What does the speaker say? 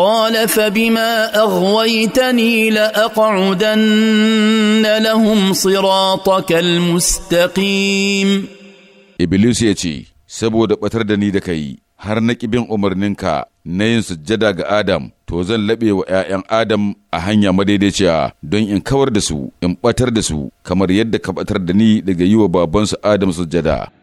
قال فبما اغويتني لاقعدن لهم صراطك المستقيم ابليس ya ce saboda ɓatar da ni da kai har na bin umarninka na yin sujjada ga Adam to zan laɓe wa ‘ya'yan Adam a hanya madaidaiciya don in kawar da su in ɓatar da su kamar yadda ka ɓatar da ni daga yi wa babansu Adam sujjada.